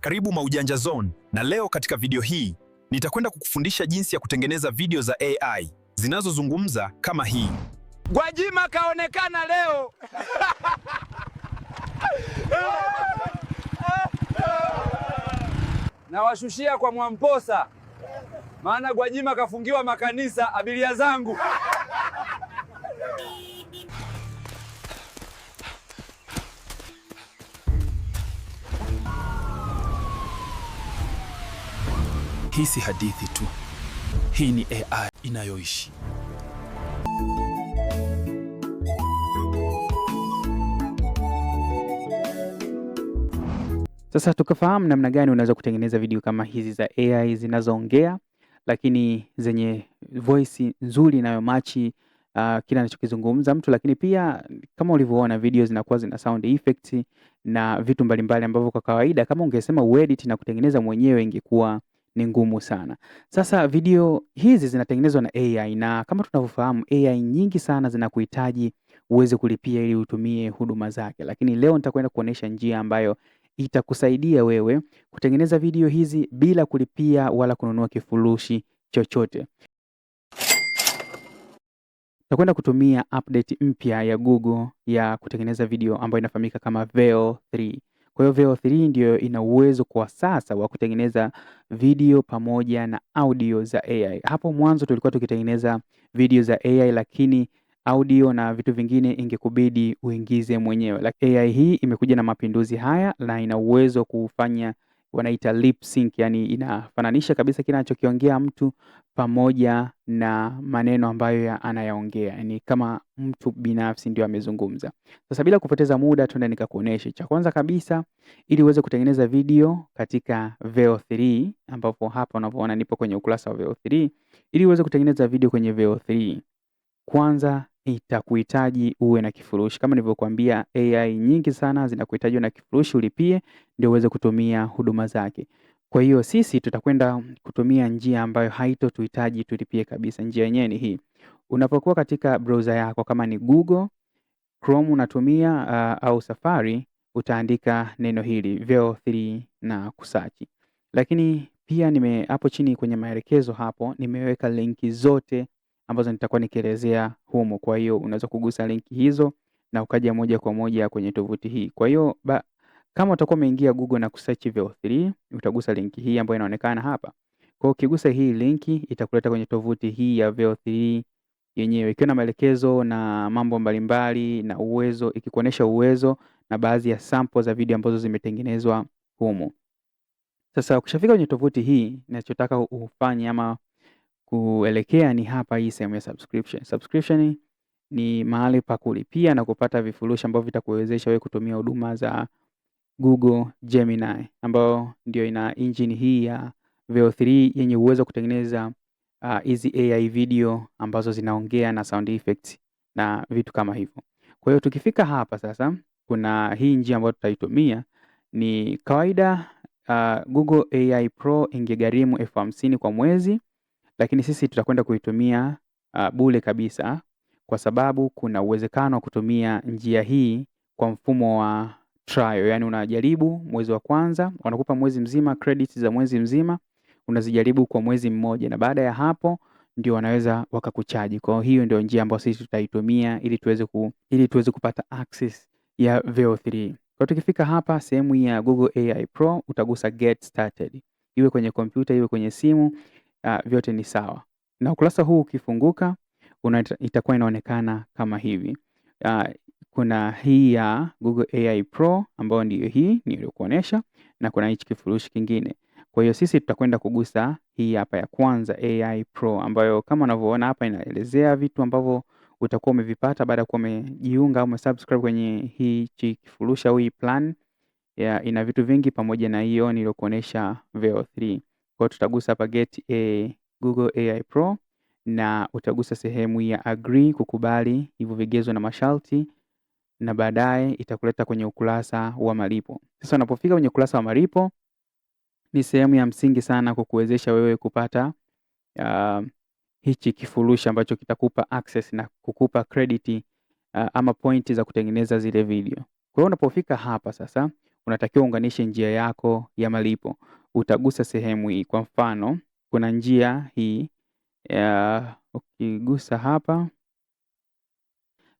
Karibu Maujanja Zone, na leo katika video hii nitakwenda kukufundisha jinsi ya kutengeneza video za AI zinazozungumza kama hii. Gwajima kaonekana leo. Nawashushia kwa Mwamposa, maana Gwajima kafungiwa makanisa, abiria zangu. Hii si hadithi tu, hii ni AI inayoishi. Sasa tukafahamu namna gani unaweza kutengeneza video kama hizi za AI zinazoongea lakini zenye voice nzuri inayomachi uh, kile anachokizungumza mtu, lakini pia kama ulivyoona video zinakuwa zina sound effect na vitu mbalimbali ambavyo kwa kawaida kama ungesema uedit na kutengeneza mwenyewe ingekuwa ni ngumu sana. Sasa video hizi zinatengenezwa na AI na kama tunavyofahamu AI nyingi sana zinakuhitaji uweze kulipia ili utumie huduma zake, lakini leo nitakwenda kuonesha njia ambayo itakusaidia wewe kutengeneza video hizi bila kulipia wala kununua kifurushi chochote. Tutakwenda kutumia update mpya ya Google ya kutengeneza video ambayo inafahamika kama Veo kwa hiyo VO3 ndio ina uwezo kwa sasa wa kutengeneza video pamoja na audio za AI. Hapo mwanzo tulikuwa tukitengeneza video za AI lakini audio na vitu vingine ingekubidi uingize mwenyewe. AI hii imekuja na mapinduzi haya na ina uwezo kufanya wanaita lip sync, yani inafananisha kabisa kile anachokiongea mtu pamoja na maneno ambayo ya anayaongea, yani kama mtu binafsi ndio amezungumza. Sasa bila kupoteza muda, twende nikakuoneshe. Cha kwanza kabisa, ili uweze kutengeneza video katika VEO3, ambapo hapa unavyoona nipo kwenye ukurasa wa VEO3. Ili uweze kutengeneza video kwenye VEO3, kwanza Itakuhitaji uwe na kifurushi. Kama nilivyokuambia AI nyingi sana zinakuhitaji na kifurushi ulipie ndio uweze kutumia huduma zake. Kwa hiyo sisi tutakwenda kutumia njia ambayo haitotuhitaji tulipie kabisa. Njia yenyewe ni hii. Unapokuwa katika browser yako kama ni Google, Chrome unatumia uh, au Safari utaandika neno hili VEO3 na kusachi. Lakini pia nime hapo chini kwenye maelekezo hapo nimeweka linki zote ambazo nitakuwa nikielezea humo. Kwa hiyo unaweza kugusa linki hizo na ukaja moja kwa moja kwenye tovuti hii. Kwa hiyo kama utakuwa umeingia Google na kusearch VEO3 utagusa linki hii ambayo inaonekana hapa. Kwa hiyo ukigusa hii linki itakuleta kwenye tovuti hii ya VEO3 yenyewe ikiwa na maelekezo na mambo mbalimbali mbali, na uwezo, ikikuonesha uwezo na baadhi ya sample za video ambazo zimetengenezwa humo. Sasa ukishafika kwenye tovuti hii, ninachotaka ufanye ama kuelekea ni hapa hii sehemu ya subscription. Subscription ni mahali pa kulipia na kupata vifurushi ambavyo vitakuwezesha wewe kutumia huduma za Google Gemini ambayo ndio ina engine hii ya VEO3 yenye uwezo wa kutengeneza ah, hizi uh, AI video ambazo zinaongea na sound effects na vitu kama hivyo. Kwa hiyo tukifika hapa sasa, kuna hii njia ambayo tutaitumia ni kawaida uh, Google AI Pro ingegharimu elfu hamsini kwa mwezi lakini sisi tutakwenda kuitumia uh, bule kabisa kwa sababu kuna uwezekano wa kutumia njia hii kwa mfumo wa trial, yani unajaribu mwezi wa kwanza, wanakupa mwezi mzima, credit za mwezi mzima unazijaribu kwa mwezi mmoja, na baada ya hapo ndio wanaweza wakakuchaji. Kwa hiyo ndio njia ambayo sisi tutaitumia ili tuweze ku, ili tuweze kupata access ya VEO3. Kwa tukifika hapa sehemu ya Google AI Pro utagusa get started, iwe kwenye kompyuta iwe kwenye simu uh, vyote ni sawa. Na ukurasa huu ukifunguka una, itakuwa inaonekana kama hivi uh, kuna hii ya Google AI Pro ambayo ndiyo hii niliyokuonesha, na kuna hichi kifurushi kingine. Kwa hiyo sisi tutakwenda kugusa hii hapa ya kwanza AI Pro, ambayo kama unavyoona hapa inaelezea vitu ambavyo utakuwa umevipata baada ya kuwa umejiunga au umesubscribe kwenye hichi kifurushi au hii plan ya, ina vitu vingi pamoja na hiyo niliyokuonesha VEO3. Kwa tutagusa hapa get a Google AI Pro na utagusa sehemu ya agree kukubali hivyo vigezo na masharti na baadaye itakuleta kwenye ukurasa wa malipo. Sasa unapofika kwenye ukurasa wa malipo ni sehemu ya msingi sana kukuwezesha wewe kupata uh, hichi kifurushi ambacho kitakupa access na kukupa credit uh, ama point za kutengeneza zile video. Kwa hiyo unapofika hapa sasa unatakiwa uunganishe njia yako ya malipo utagusa sehemu hii. Kwa mfano, kuna njia hii ya ukigusa hapa.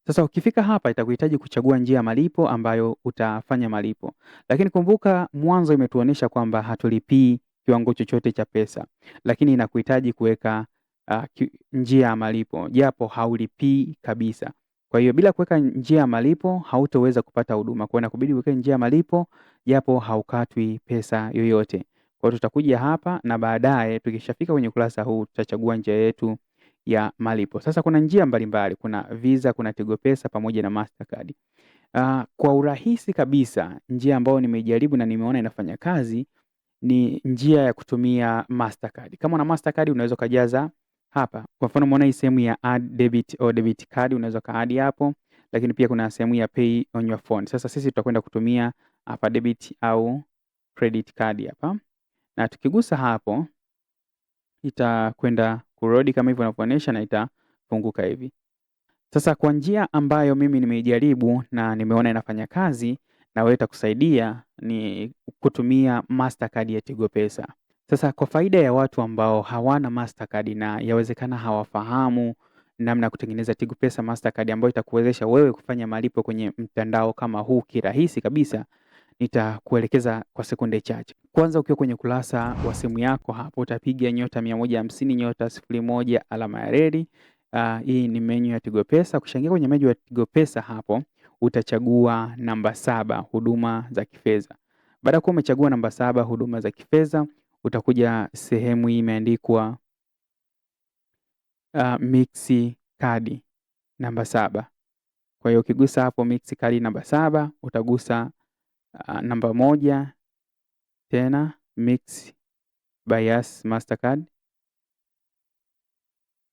Sasa ukifika hapa itakuhitaji kuchagua njia ya malipo ambayo utafanya malipo, lakini kumbuka mwanzo imetuonyesha kwamba hatulipii kiwango chochote cha pesa, lakini inakuhitaji kuweka uh, njia ya malipo japo haulipii kabisa. Kwa hiyo bila kuweka njia ya malipo hautoweza kupata huduma, kwa hiyo inakubidi uweke njia ya malipo japo haukatwi pesa yoyote. Kwa hiyo tutakuja hapa na baadaye tukishafika kwenye ukurasa huu tutachagua njia yetu ya malipo. Sasa kuna njia mbalimbali, kuna Visa, kuna Tigo Pesa pamoja na Mastercard. Uh, kwa urahisi kabisa njia ambayo nimejaribu na nimeona inafanya kazi ni njia ya kutumia Mastercard. Kama una Mastercard unaweza kujaza hapa. Kwa mfano umeona hii sehemu ya add debit au debit card unaweza kaadi hapo, lakini pia kuna sehemu ya pay on your phone. Sasa sisi tutakwenda kutumia hapa debit au credit card hapa na tukigusa hapo itakwenda kurodi kama hivyo inavyoonyesha na itafunguka hivi. Sasa kwa njia ambayo mimi nimeijaribu na nimeona inafanya kazi na wewe itakusaidia ni kutumia Mastercard ya Tigo Pesa. Sasa kwa faida ya watu ambao hawana Mastercard na yawezekana hawafahamu namna ya kutengeneza Tigo Pesa Mastercard ambayo itakuwezesha wewe kufanya malipo kwenye mtandao kama huu kirahisi kabisa nitakuelekeza kwa sekunde chache. Kwanza, ukiwa kwenye kurasa wa simu yako hapo utapiga nyota mia moja hamsini nyota sifuri moja alama ya reli. Uh, hii ni menyu ya Tigo Pesa. Kushangia kwenye menyu ya Tigo Pesa hapo utachagua namba saba, huduma za kifedha. Baada ya kuwa umechagua namba saba, huduma za kifedha, utakuja sehemu hii imeandikwa uh, mixi kadi namba saba. Kwa hiyo ukigusa hapo mixi kadi namba saba utagusa Ah, namba moja tena mix bias Mastercard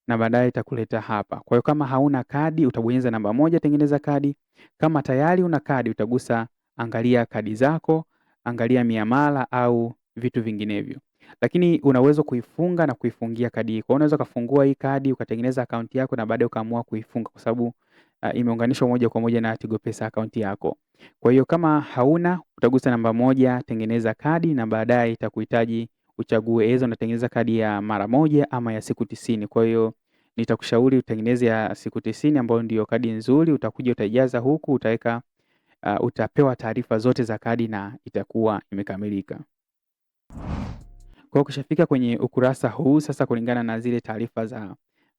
na baadaye itakuleta hapa. Kwa hiyo kama hauna kadi utabonyeza namba moja tengeneza kadi. Kama tayari una kadi utagusa angalia kadi zako, angalia miamala au vitu vinginevyo. Lakini unaweza kuifunga na kuifungia kadi. Kwa hiyo unaweza kufungua hii kadi ukatengeneza akaunti yako na baadaye ukaamua kuifunga kwa sababu uh, imeunganishwa moja kwa moja na Tigo Pesa akaunti yako. Kwa hiyo kama hauna, utagusa namba moja, tengeneza kadi, na baadaye itakuhitaji uchague aidha unatengeneza kadi ya mara moja ama ya siku tisini. Kwa hiyo nitakushauri utengeneze ya siku tisini ambayo ndiyo kadi nzuri. Utakuja utaijaza huku, utaweka uh, utapewa taarifa zote za kadi na itakuwa imekamilika. Kwa kushafika kwenye ukurasa huu sasa, kulingana na zile taarifa za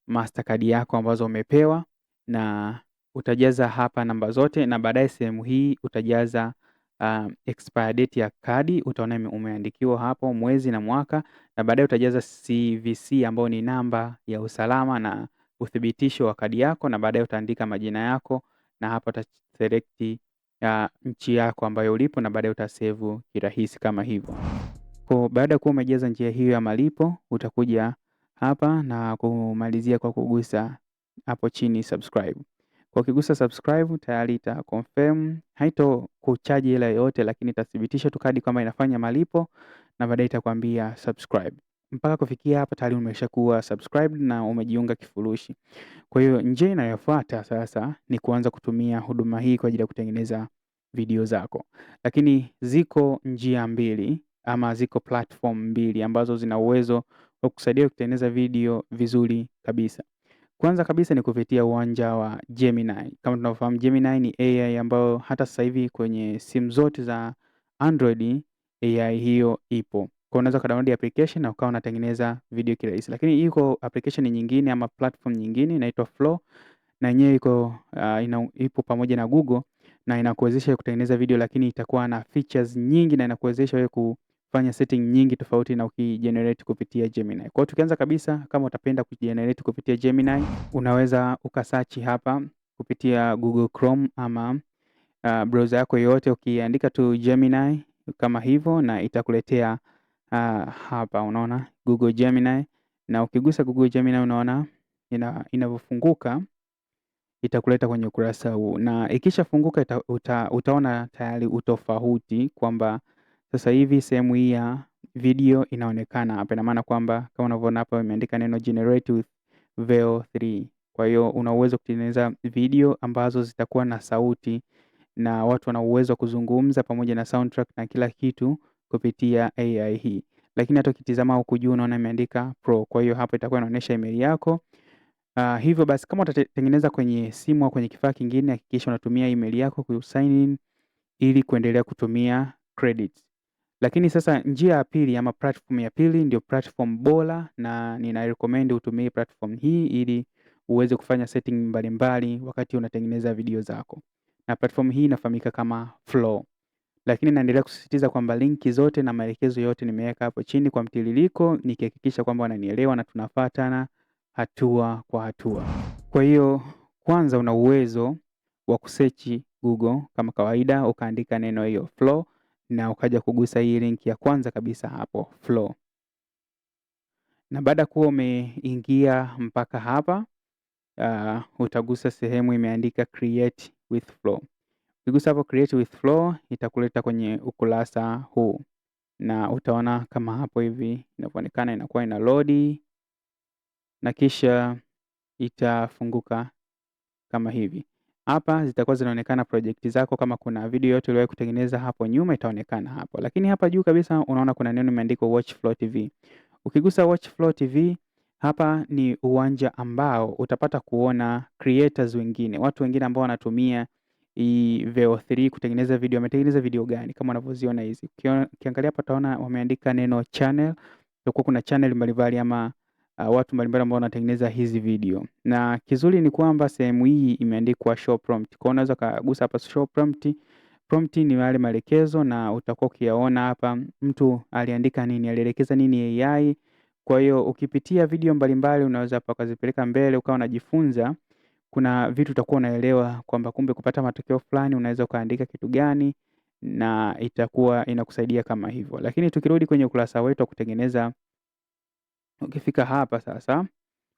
Mastercard yako ambazo umepewa na utajaza hapa namba zote na baadaye sehemu hii utajaza uh, um, expire date ya kadi, utaona umeandikiwa hapo mwezi na mwaka, na baadaye utajaza CVC ambayo ni namba ya usalama na uthibitisho wa kadi yako, na baadaye utaandika majina yako, na hapa utaselect uh, nchi yako ambayo ulipo, na baadaye utasevu kirahisi kama hivyo. Kwa baada ya kuwa umejaza njia hiyo ya malipo, utakuja hapa na kumalizia kwa kugusa hapo chini subscribe. Kwa ukigusa subscribe tayari ita confirm, haito kuchaji hela yoyote, lakini itathibitisha tu kadi kwamba inafanya malipo na baadaye itakwambia subscribe. Mpaka kufikia hapa tayari umeshakuwa subscribed na umejiunga kifurushi. Kwa hiyo njia inayofuata sasa ni kuanza kutumia huduma hii kwa ajili ya kutengeneza video zako, lakini ziko njia mbili ama ziko platform mbili ambazo zina uwezo wa kusaidia kutengeneza video vizuri kabisa. Kwanza kabisa ni kupitia uwanja wa Gemini. Kama tunavyofahamu Gemini ni AI ambayo hata sasa hivi kwenye simu zote za Android AI hiyo ipo. Kwa unaweza ukadownload application na ukawa unatengeneza video kirahisi. Lakini iko application nyingine ama platform nyingine inaitwa Flow na yenyewe iko uh, ipo pamoja na Google na inakuwezesha kutengeneza video lakini itakuwa na features nyingi na inakuwezesha wewe ku fanya setting nyingi tofauti na ukigenerate kupitia Gemini. Kwa hiyo tukianza kabisa, kama utapenda kugenerate kupitia Gemini, unaweza ukasachi hapa kupitia Google Chrome ama uh, browser yako yoyote, ukiandika tu Gemini kama hivyo, na itakuletea uh, hapa unaona Google Gemini, na ukigusa Google Gemini unaona ina, inavyofunguka itakuleta kwenye ukurasa huu, na ikishafunguka ita, uta, utaona tayari utofauti kwamba sasa hivi sehemu hii ya video inaonekana hapa, ina maana kwamba kama unavyoona hapa imeandika neno generate with VEO3. Kwa hiyo una uwezo kutengeneza video ambazo zitakuwa na sauti na watu wana uwezo kuzungumza pamoja na soundtrack na kila kitu kupitia AI hii. Lakini hata ukitizama huku juu unaona imeandika pro, kwa hiyo hapo itakuwa inaonyesha email yako. Uh, hivyo basi kama utatengeneza kwenye simu au kwenye kifaa kingine hakikisha unatumia email yako ku sign in ili kuendelea kutumia credits. Lakini sasa njia ya pili ama platform ya pili ndio platform bora na recommend utumie platform hii ili uweze kufanya setting mbalimbali wakati unatengeneza video zako. Na platform hii inafahamika kama Flow. Lakini naendelea kusisitiza kwamba linki zote na maelekezo yote nimeweka hapo chini kwa mtiririko nikihakikisha kwamba wananielewa na tunafuatana hatua kwa hatua. Kwa hiyo kwanza una uwezo wa kusechi Google kama kawaida ukaandika neno hiyo Flow na ukaja kugusa hii link ya kwanza kabisa hapo flow. Na baada kuwa umeingia mpaka hapa uh, utagusa sehemu imeandika create with flow. Ukigusa hapo create with flow itakuleta kwenye ukurasa huu, na utaona kama hapo hivi inavyoonekana inakuwa ina load na kisha itafunguka kama hivi. Hapa zitakuwa zinaonekana projekti zako, kama kuna video yote uliyowahi kutengeneza hapo nyuma itaonekana hapo. Lakini hapa juu kabisa unaona kuna neno limeandikwa Watchflow TV. Ukigusa Watchflow TV hapa ni uwanja ambao utapata kuona creators wengine, watu wengine ambao wanatumia hii VEO3 kutengeneza video. Wametengeneza video gani? Kama unavyoziona hizi, ukiangalia hapa utaona wameandika neno channel, kwa kuna channel mbalimbali ama uh, watu mbalimbali ambao wanatengeneza hizi video. Na kizuri ni kwamba sehemu hii imeandikwa show prompt. Kwa unaweza kugusa hapa show prompt. Prompt ni yale maelekezo na utakuwa ukiyaona hapa mtu aliandika nini, alielekeza nini AI. Kwa hiyo ukipitia video mbalimbali unaweza hapa ukazipeleka mbele ukawa unajifunza kuna vitu utakuwa unaelewa kwamba kumbe kupata matokeo fulani unaweza ukaandika kitu gani na itakuwa inakusaidia kama hivyo. Lakini tukirudi kwenye ukurasa wetu wa kutengeneza Ukifika hapa sasa,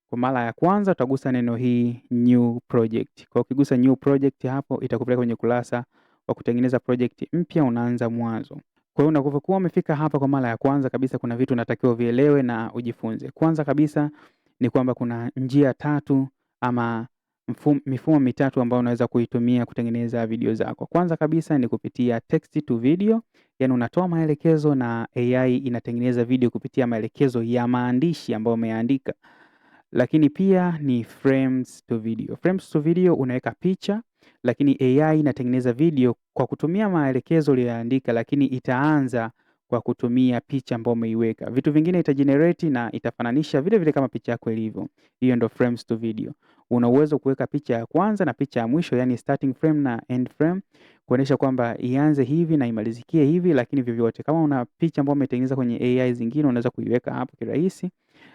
kwa mara ya kwanza utagusa neno hii new project. Kwa ukigusa new project hapo, itakupeleka kwenye kurasa wa kutengeneza project mpya, unaanza mwanzo. Kwa hiyo unapokuwa umefika hapa kwa mara ya kwanza kabisa, kuna vitu unatakiwa vielewe na ujifunze. Kwanza kabisa ni kwamba kuna njia tatu ama mifumo mitatu ambayo unaweza kuitumia kutengeneza video zako. Kwanza kabisa ni kupitia text to video, yani unatoa maelekezo na AI inatengeneza video kupitia maelekezo ya maandishi ambayo umeandika. Lakini pia ni frames to video. Frames to video unaweka picha, lakini AI inatengeneza video kwa kutumia maelekezo uliyoandika, lakini itaanza kwa kutumia picha ambayo umeiweka. Vitu vingine itajenerate na itafananisha vile vile kama picha yako ilivyo. Hiyo ndo frames to video una uwezo kuweka picha ya kwanza na picha ya mwisho, yani starting frame na end frame, kuonesha kwamba ianze hivi na imalizikie hivi. Lakini vyovyote, kama una picha ambayo umetengeneza kwenye AI zingine, unaweza kuiweka hapo kirahisi.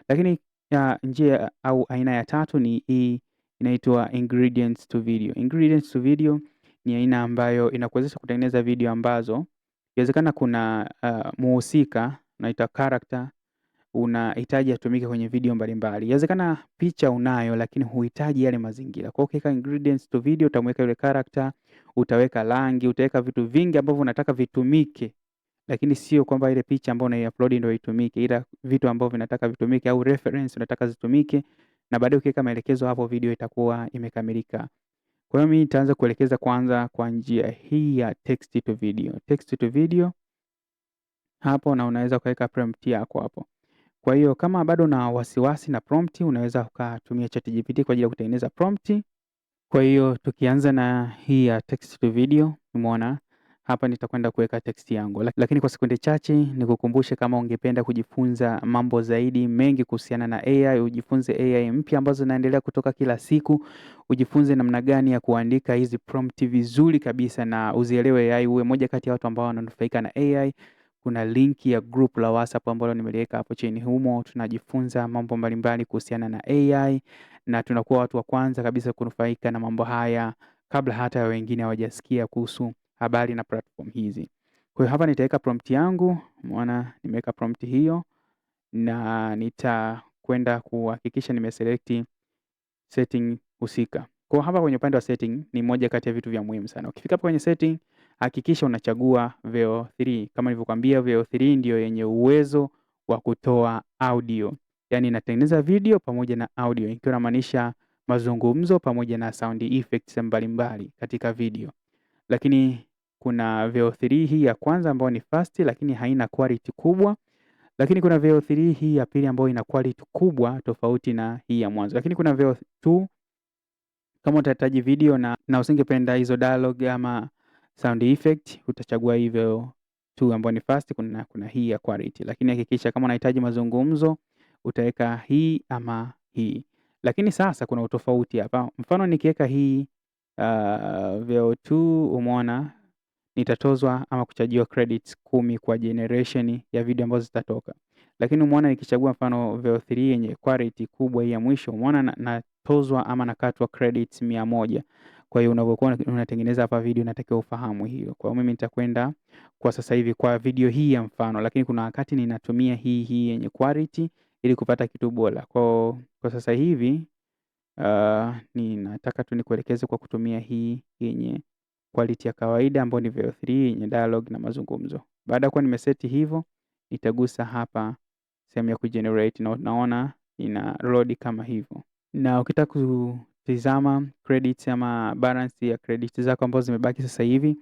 Lakini ya, njia au aina ya tatu ni hii inaitwa ingredients to video. Ingredients to video ni aina ambayo inakuwezesha kutengeneza video ambazo inawezekana kuna uh, muhusika unaitwa character unahitaji atumike kwenye video mbalimbali. Yawezekana picha unayo lakini huhitaji yale mazingira. Kwa hiyo ukiweka ingredients to video utamweka yule character, utaweka rangi, utaweka vitu vingi ambavyo unataka vitumike. Lakini sio kwamba ile picha ambayo unaiupload ndio itumike ila vitu ambavyo vinataka vitumike au reference unataka zitumike na baadaye ukiweka maelekezo hapo video itakuwa imekamilika. Kwa hiyo mimi nitaanza kuelekeza kwanza kwa njia hii ya text to video. Text to video hapo na unaweza kuweka prompt yako hapo. Kwa hiyo kama bado na wasiwasi na prompt unaweza ukatumia ChatGPT kwa ajili ya kutengeneza prompt. Kwa hiyo tukianza na hii ya text to video, umeona hapa nitakwenda kuweka text yangu, lakini kwa sekunde chache nikukumbushe, kama ungependa kujifunza mambo zaidi mengi kuhusiana na AI, ujifunze AI mpya ambazo zinaendelea kutoka kila siku, ujifunze namna gani ya kuandika hizi prompt vizuri kabisa na uzielewe AI, uwe moja kati ya watu ambao wananufaika na AI. Kuna linki ya group la WhatsApp ambalo nimeliweka hapo chini. Humo tunajifunza mambo mbalimbali kuhusiana na AI na tunakuwa watu wa kwanza kabisa kunufaika na mambo haya kabla hata ya wengine hawajasikia kuhusu habari na platform hizi. Kwa hiyo hapa nitaweka prompt yangu, umeona nimeweka prompt hiyo na nitakwenda kuhakikisha nimeselect setting husika. Kwa hapa kwenye upande wa setting ni moja kati ya vitu vya muhimu sana. Ukifika hapa kwenye setting hakikisha unachagua Veo 3. Kama nilivyokuambia, Veo 3 ndio yenye uwezo wa kutoa audio, yani inatengeneza video pamoja na audio, ikiwa inamaanisha mazungumzo pamoja na sound effects mbalimbali katika video. Lakini kuna Veo 3 hii ya kwanza ambayo ni fast, lakini haina quality kubwa lakini kuna Veo 3 hii ya pili ambayo ina quality kubwa tofauti na hii ya mwanzo. Lakini kuna Veo 2 kama utahitaji video na, na usingependa hizo dialogue ama sound effect utachagua hivyo tu ambayo ni fast. Kuna, kuna hii ya quality, lakini hakikisha kama unahitaji mazungumzo utaweka hii ama hii. Lakini sasa kuna utofauti hapa, mfano nikiweka hii uh, ah, VO2 umeona nitatozwa ama kuchajiwa credits kumi kwa generation ya video ambazo zitatoka, lakini umeona nikichagua mfano VO3 yenye quality kubwa hii ya mwisho, umeona natozwa ama nakatwa credits mia moja. Kwa hiyo unavyokuwa unatengeneza hapa video natakiwa ufahamu hiyo. Kwa hiyo mimi nitakwenda kwa sasa hivi kwa video hii ya mfano, lakini kuna wakati ninatumia hii hii yenye quality ili kupata kitu bora. Kwa kwa sasa hivi uh, ninataka tu nikuelekeze kwa kutumia hii yenye quality ya kawaida ambayo ni VEO3 yenye dialogue na mazungumzo. Baada ya kuwa nimeseti hivyo, nitagusa hapa sehemu ya kugenerate na unaona ina load kama hivyo, na ukitaka tizama credit ama balance ya credit zako ambazo zimebaki sasa hivi.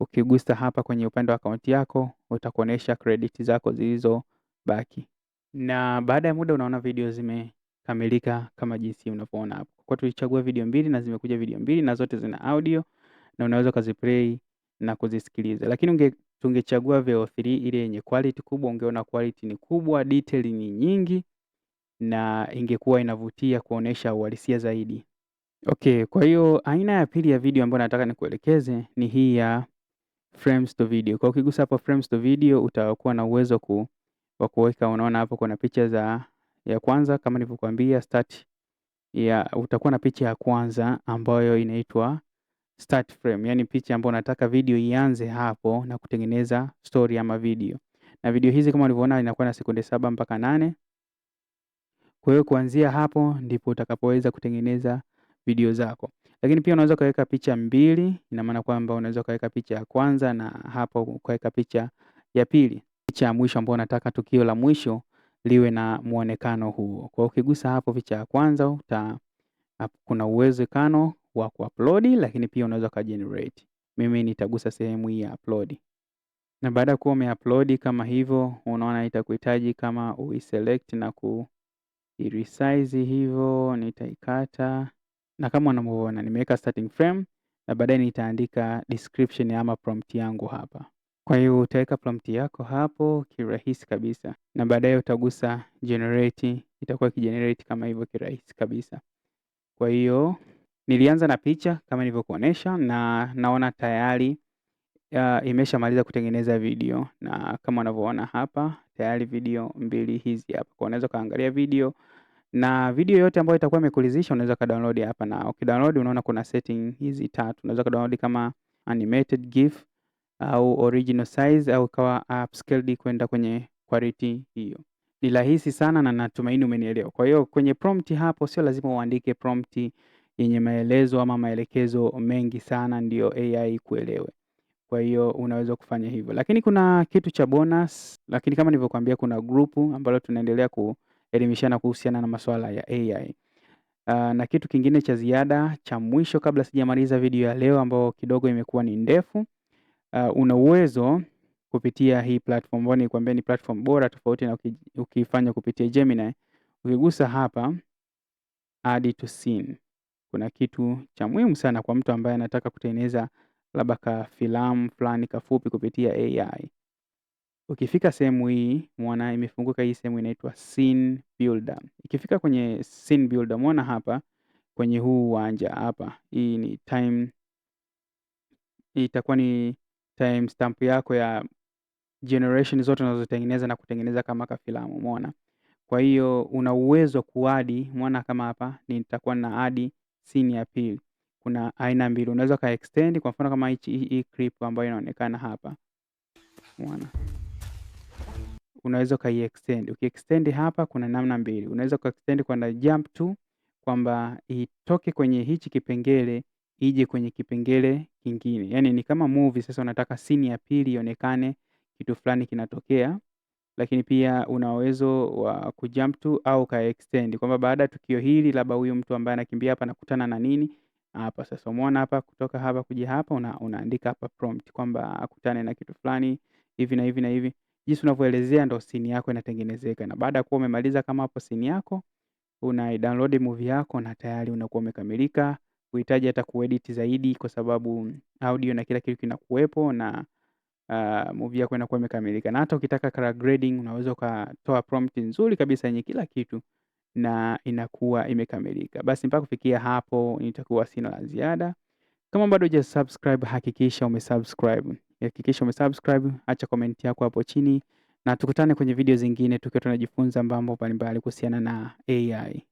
Ukigusa hapa kwenye upande wa akaunti yako utakuonesha credit zako zilizobaki, na baada ya muda unaona video zimekamilika kama jinsi unavyoona hapo. Kwa tulichagua video mbili na zimekuja video mbili na zote zina audio na unaweza ukaziplay na kuzisikiliza, lakini unge tungechagua VEO3 ile yenye quality kubwa, ungeona quality ni kubwa, detail ni nyingi na ingekuwa inavutia kuonesha uhalisia zaidi. Okay, kwa hiyo aina ya pili ya video ambayo nataka nikuelekeze ni hii ya frames to video. Kwa ukigusa hapo frames to video utakuwa na uwezo ku, wa kuweka unaona hapo kuna picha za ya kwanza kama nilivyokuambia start ya utakuwa na picha ya kwanza ambayo inaitwa start frame. Yaani picha ambayo unataka video ianze hapo na kutengeneza story ama video. Na video hizi kama ulivyoona inakuwa na sekunde saba mpaka nane. Kwa hiyo kuanzia hapo ndipo utakapoweza kutengeneza video zako. Lakini pia unaweza ukaweka picha mbili, ina maana kwamba unaweza ukaweka picha ya kwanza na hapo ukaweka picha ya pili, picha ya mwisho ambayo unataka tukio la mwisho liwe na muonekano huo. Kwa ukigusa hapo picha ya kwanza uta, kuna uwezekano wa kuupload, lakini pia unaweza generate. Mimi nitagusa sehemu hii ya upload, na baada ya kuwa umeupload kama hivyo, unaona itakuhitaji kama uiselect na ku resize hivyo, nitaikata na kama unavyoona nimeweka starting frame na baadaye nitaandika description ama prompt yangu hapa. Kwa hiyo utaweka prompt yako hapo kirahisi kabisa, na baadaye utagusa generate, itakuwa kigenerate kama hivyo kirahisi kabisa. Kwa hiyo nilianza na picha kama nilivyokuonesha, na naona tayari uh, imeshamaliza kutengeneza video, na kama unavyoona hapa tayari video mbili hizi hapa, kwa unaweza kaangalia video na video yote ambayo itakuwa imekuridhisha unaweza download hapa na ukidownload unaona kuna setting hizi tatu. Unaweza download kama animated GIF au original size au kawa upscaled kwenda kwenye quality hiyo. Ni rahisi sana na natumaini umenielewa. Kwa hiyo kwenye prompt hapo sio lazima uandike prompt yenye maelezo ama maelekezo mengi sana ndio AI kuelewe. Kwa hiyo unaweza kufanya hivyo, lakini kuna kitu cha bonus, lakini kama nilivyokuambia, kuna grupu ambalo tunaendelea ku elimishana kuhusiana na masuala ya AI. Uh, ah, na kitu kingine cha ziada cha mwisho kabla sijamaliza video ya leo ambayo kidogo imekuwa ni ndefu. Uh, una uwezo kupitia hii platform ambayo nilikwambia ni platform bora tofauti na ukifanya kupitia Gemini. Ukigusa hapa add to scene, kuna kitu cha muhimu sana kwa mtu ambaye anataka kutengeneza labda ka filamu fulani kafupi kupitia AI. Ukifika sehemu hii mwana, imefunguka hii sehemu inaitwa Scene Builder. Ikifika kwenye Scene Builder mwana hapa kwenye huu uwanja hapa, hii ni time, hii itakuwa ni stamp yako ya generation zote unazotengeneza na kutengeneza kama kafilamu, mwana. Kwa hiyo una uwezo wa kuadi, mwana, kama hapa nitakuwa na adi scene ya pili. Kuna aina mbili, unaweza ka extend, kwa mfano kama hii clip ambayo inaonekana hapa, mwana unaweza ukai-extend. Uki-extend hapa kuna namna mbili. Unaweza uka-extend jump to kwamba itoke kwenye hichi kipengele ije kwenye kipengele kingine. yani ni kama movie sasa unataka scene ya pili ionekane kitu fulani kinatokea, lakini pia una uwezo wa kujump to au ka extend kwamba baada ya tukio hili labda huyu mtu ambaye anakimbia hapa anakutana na nini hapa. Sasa umeona hapa, kutoka hapa kuja hapa una, unaandika hapa prompt kwamba akutane na kitu fulani hivi na hivi na hivi jinsi unavyoelezea ndo sini yako inatengenezeka, na baada ya kuwa umemaliza kama hapo sini yako, download movie yako na tayari unakuwa umekamilika. uhitaji hata kuedit zaidi, kwa sababu audio na kila kitu kinakuwepo na uh, movie yako inakuwa imekamilika. Na hata ukitaka color grading, unaweza ukatoa prompt nzuri kabisa yenye kila kitu na inakuwa imekamilika. Basi mpaka kufikia hapo nitakuwa sina la ziada. Kama bado hujasubscribe, hakikisha umesubscribe hakikisha umesubscribe, acha comment yako hapo chini na tukutane kwenye video zingine tukiwa tunajifunza mambo mbalimbali kuhusiana na AI.